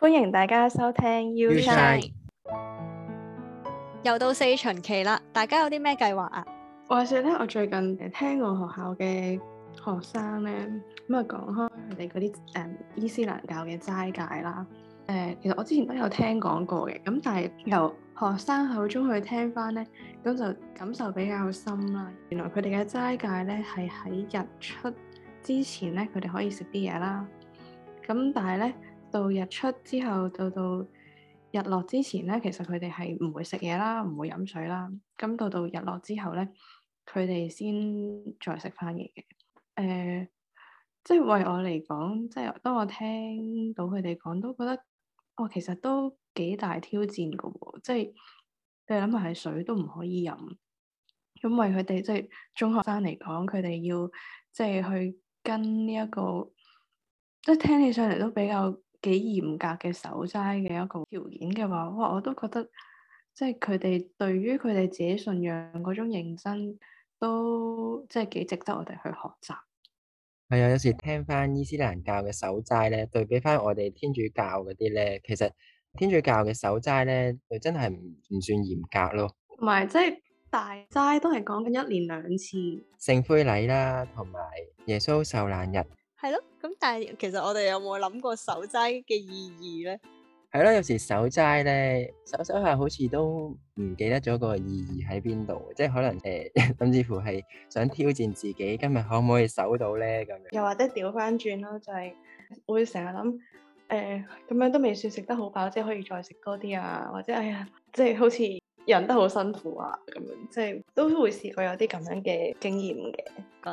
歡迎大家收聽 U Shine。又到四旬期啦，大家有啲咩計劃啊？話說咧，我最近聽我學校嘅學生咧咁啊，講開佢哋嗰啲誒伊斯蘭教嘅齋戒啦。誒、呃，其實我之前都有聽講過嘅，咁但係由學生口中去聽翻咧，咁就感受比較深啦。原來佢哋嘅齋戒咧係喺日出之前咧，佢哋可以食啲嘢啦。咁但係咧。到日出之後，到到日落之前咧，其實佢哋係唔會食嘢啦，唔會飲水啦。咁到到日落之後咧，佢哋先再食返嘢嘅。誒、呃，即係為我嚟講，即係當我聽到佢哋講，都覺得，哦，其實都幾大挑戰㗎喎、哦。即係你諗下，係水都唔可以飲，咁為佢哋即係中學生嚟講，佢哋要即係去跟呢、這、一個，即係聽起上嚟都比較。幾嚴格嘅守齋嘅一個條件嘅話，哇！我都覺得即係佢哋對於佢哋自己信仰嗰種認真，都即係幾值得我哋去學習。係啊、嗯，有時聽翻伊斯蘭教嘅守齋咧，對比翻我哋天主教嗰啲咧，其實天主教嘅守齋咧，就真係唔唔算嚴格咯。唔係，即係大齋都係講緊一年兩次，聖灰禮啦，同埋耶穌受難日。係咯，咁但係其實我哋有冇諗過守齋嘅意義咧？係咯，有時守齋咧，守守下好似都唔記得咗個意義喺邊度，即係可能誒、欸，甚至乎係想挑戰自己，今日可唔可以守到咧？咁樣又或者調翻轉咯，就係會成日諗誒，咁樣都未算食得好飽，即係可以再食多啲啊，或者哎呀，即係好似人都好辛苦啊，咁樣即係都會試過有啲咁樣嘅經驗嘅，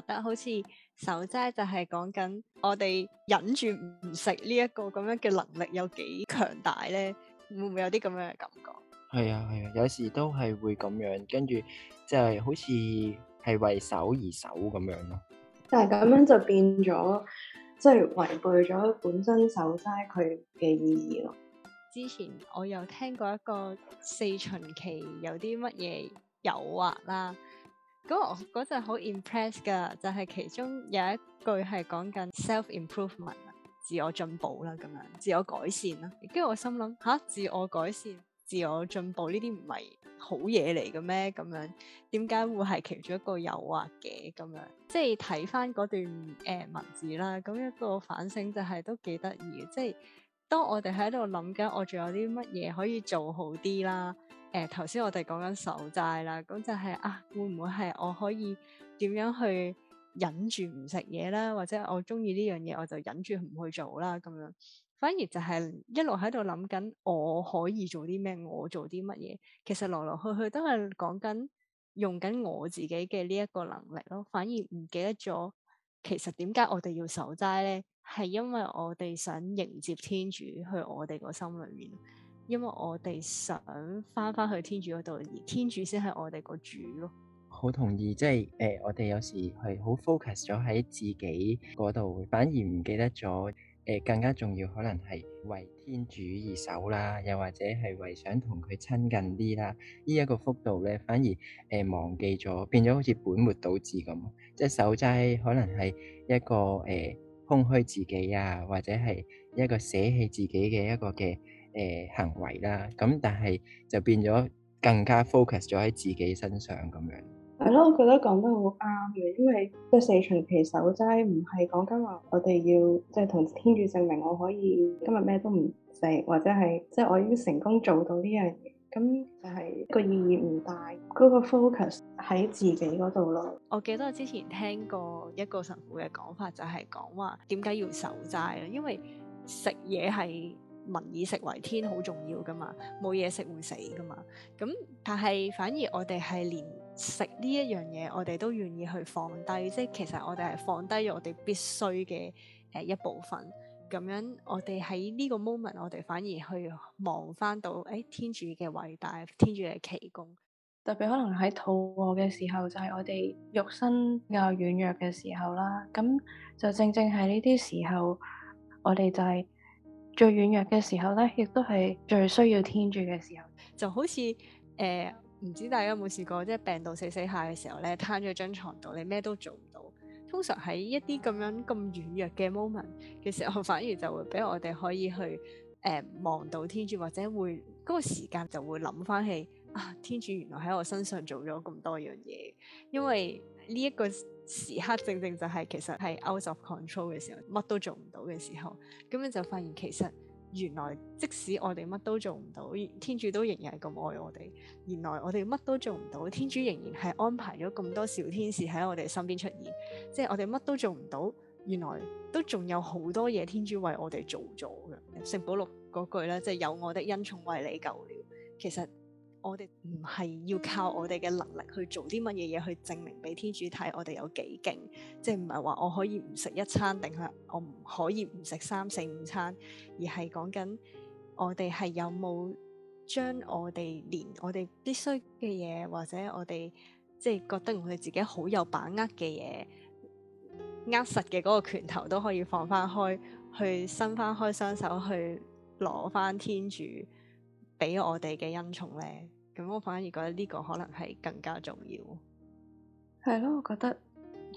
覺得好似。守齋就係講緊我哋忍住唔食呢一個咁樣嘅能力有幾強大咧？會唔會有啲咁樣嘅感覺？係啊係啊，有時都係會咁樣，跟住就係好似係為守而守咁樣咯。但係咁樣就變咗，即係違背咗本身守齋佢嘅意義咯。之前我又聽過一個四旬期，有啲乜嘢誘惑啦。嗰陣好 impress 噶，就係、是、其中有一句係講緊 self improvement，自我進步啦，咁樣自我改善啦。跟住我心諗吓，自我改善、自我進步呢啲唔係好嘢嚟嘅咩？咁樣點解會係其中一個誘惑嘅咁樣？即係睇翻嗰段誒、呃、文字啦，咁一個反省就係都幾得意。即係當我哋喺度諗緊，我仲有啲乜嘢可以做好啲啦。誒頭先我哋講緊守齋啦，咁就係啊，會唔會係我可以點樣去忍住唔食嘢啦，或者我中意呢樣嘢我就忍住唔去做啦咁樣，反而就係一路喺度諗緊我可以做啲咩，我做啲乜嘢，其實來來去去都係講緊用緊我自己嘅呢一個能力咯，反而唔記得咗其實點解我哋要守齋咧，係因為我哋想迎接天主去我哋個心裏面。因為我哋想返返去天主嗰度，而天主先係我哋個主咯。好同意，即係誒，我哋有時係好 focus 咗喺自己嗰度，反而唔記得咗誒更加重要，可能係為天主而守啦，又或者係為想同佢親近啲啦。呢、這、一個幅度咧，反而誒、呃、忘記咗，變咗好似本末倒置咁。即係守齋，可能係一個誒、呃、空虛自己啊，或者係一個捨棄自己嘅一個嘅。誒，行為啦，咁但係就變咗更加 focus 咗喺自己身上咁樣。係咯，我覺得講得好啱嘅，因為即係四旬期守齋，唔係講緊話我哋要即係同天主證明我可以今日咩都唔食，或者係即係我已經成功做到呢樣嘢，咁就係個意義唔大，嗰個 focus 喺自己嗰度咯。我記得我之前聽過一個神父嘅講法，就係講話點解要守齋啊？因為食嘢係。民以食為天，好重要㗎嘛，冇嘢食會死㗎嘛。咁但係反而我哋係連食呢一樣嘢，我哋都願意去放低，即係其實我哋係放低咗我哋必須嘅誒、呃、一部分。咁樣我哋喺呢個 moment，我哋反而去望返到誒、哎、天主嘅偉大，天主嘅奇功。特別可能喺肚餓嘅時候，就係、是、我哋肉身比較軟弱嘅時候啦。咁就正正係呢啲時候，我哋就係、是。最軟弱嘅時候咧，亦都係最需要天主嘅時候，就好似誒，唔知大家有冇試過，即係病到死死下嘅時候咧，攤咗張床度，你咩都做唔到。通常喺一啲咁樣咁軟弱嘅 moment 嘅時候，反而就會俾我哋可以去誒望到天主，或者會嗰個時間就會諗翻起啊，天主原來喺我身上做咗咁多樣嘢，因為呢一個時刻正正就係，其實係 out of control 嘅時候，乜都做唔到嘅時候，咁咧就發現其實原來即使我哋乜都做唔到，天主都仍然係咁愛我哋。原來我哋乜都做唔到，天主仍然係安排咗咁多小天使喺我哋身邊出現，即係我哋乜都做唔到，原來都仲有好多嘢天主為我哋做咗嘅。聖保祿嗰句咧，即係有我的恩寵為你救了，其實。我哋唔係要靠我哋嘅能力去做啲乜嘢嘢去證明俾天主睇我哋有幾勁，即係唔係話我可以唔食一餐，定係我唔可以唔食三四五餐，而係講緊我哋係有冇將我哋連我哋必須嘅嘢，或者我哋即係覺得我哋自己好有把握嘅嘢握實嘅嗰個拳頭都可以放翻開，去伸翻開雙手去攞翻天主俾我哋嘅恩寵咧。咁我反而覺得呢個可能係更加重要，係咯，我覺得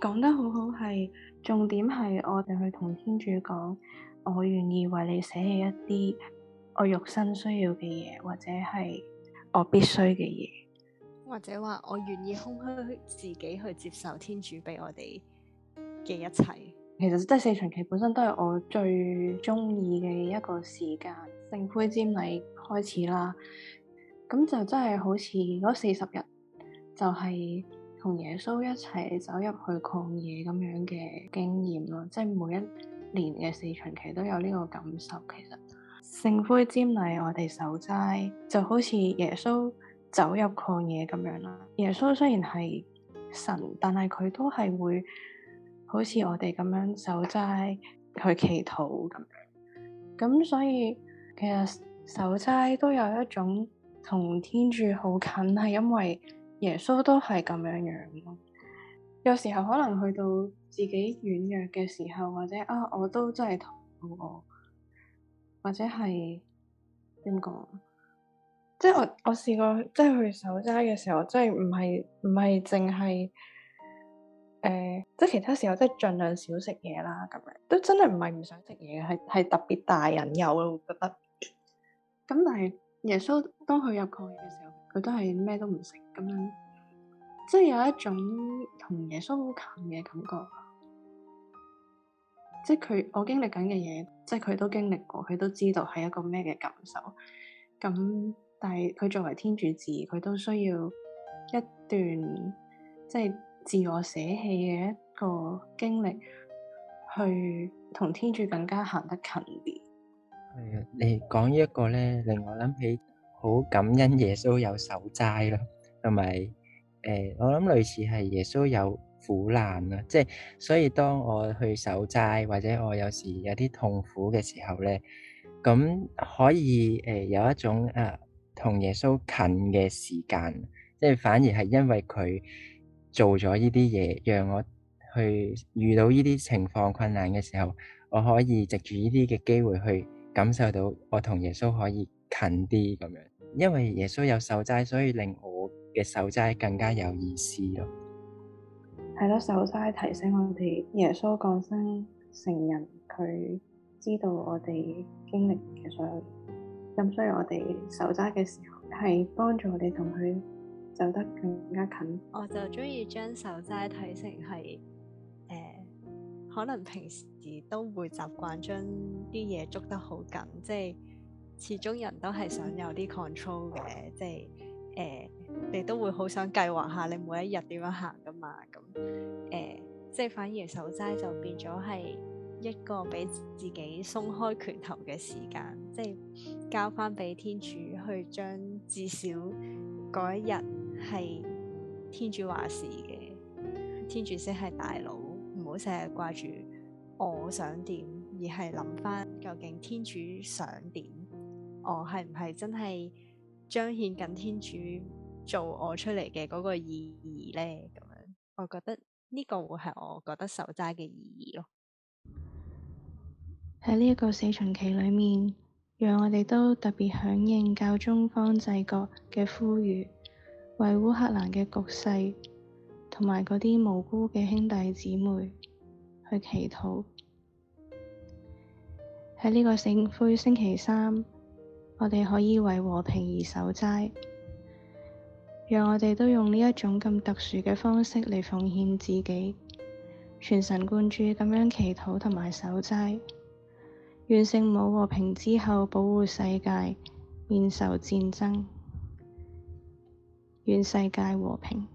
講得好好，係重點係我哋去同天主講，我願意為你寫起一啲我肉身需要嘅嘢，或者係我必須嘅嘢，或者話我願意空虛自己去接受天主俾我哋嘅一切。其實四旬期本身都係我最中意嘅一個時間，聖灰瞻禮開始啦。咁就真係好似嗰四十日就係同耶穌一齊走入去曠野咁樣嘅經驗咯，即係每一年嘅四旬期都有呢個感受。其實聖灰瞻禮，我哋守齋就好似耶穌走入曠野咁樣啦。耶穌雖然係神，但係佢都係會好似我哋咁樣守齋去祈禱咁樣。咁所以其實守齋都有一種。同天主好近，係因為耶穌都係咁樣樣咯。有時候可能去到自己軟弱嘅時候，或者啊，我都真係肚好餓或者係點講？即係我我試過即係去守齋嘅時候，即係唔係唔係淨係誒，即係其他時候即係盡量少食嘢啦，咁樣都真係唔係唔想食嘢，係係特別大人有覺得咁，但係。耶穌當佢入曠野嘅時候，佢都係咩都唔食咁樣，即係有一種同耶穌好近嘅感覺。即係佢我經歷緊嘅嘢，即係佢都經歷過，佢都知道係一個咩嘅感受。咁但係佢作為天主子，佢都需要一段即係自我捨棄嘅一個經歷，去同天主更加行得近啲。誒，你講呢一個咧，令我諗起好感恩耶穌有守齋囉，同埋誒，我諗類似係耶穌有苦難啦，即係所以當我去守齋，或者我有時有啲痛苦嘅時候咧，咁可以誒有一種誒同耶穌近嘅時間，即係反而係因為佢做咗呢啲嘢，讓我去遇到呢啲情況困難嘅時候，我可以藉住呢啲嘅機會去。感受到我同耶穌可以近啲咁樣，因為耶穌有守齋，所以令我嘅守齋更加有意思咯。係咯，守齋提醒我哋耶穌降生成人，佢知道我哋經歷嘅所有，咁所以我哋守齋嘅時候係幫助你同佢走得更加近。我就中意將守齋睇成係。可能平時都會習慣將啲嘢捉得好緊，即係始終人都係想有啲 control 嘅，即係誒、呃，你都會好想計劃下你每一日點樣行噶嘛，咁誒、呃，即係反而守齋就變咗係一個俾自己鬆開拳頭嘅時間，即係交翻俾天主去將至少嗰一日係天主話事嘅，天主先係大佬。唔好成日掛住我想點，而係諗翻究竟天主想點？我係唔係真係彰顯緊天主造我出嚟嘅嗰個意義咧？咁樣，我覺得呢個會係我覺得受齋嘅意義咯。喺呢一個四旬期裏面，讓我哋都特別響應教宗方濟各嘅呼籲，為烏克蘭嘅局勢同埋嗰啲無辜嘅兄弟姊妹，去祈禱。喺呢個聖灰星期三，我哋可以為和平而守齋。讓我哋都用呢一種咁特殊嘅方式嚟奉獻自己，全神貫注咁樣祈禱同埋守齋，願聖母和平之后保護世界免受戰爭，願世界和平。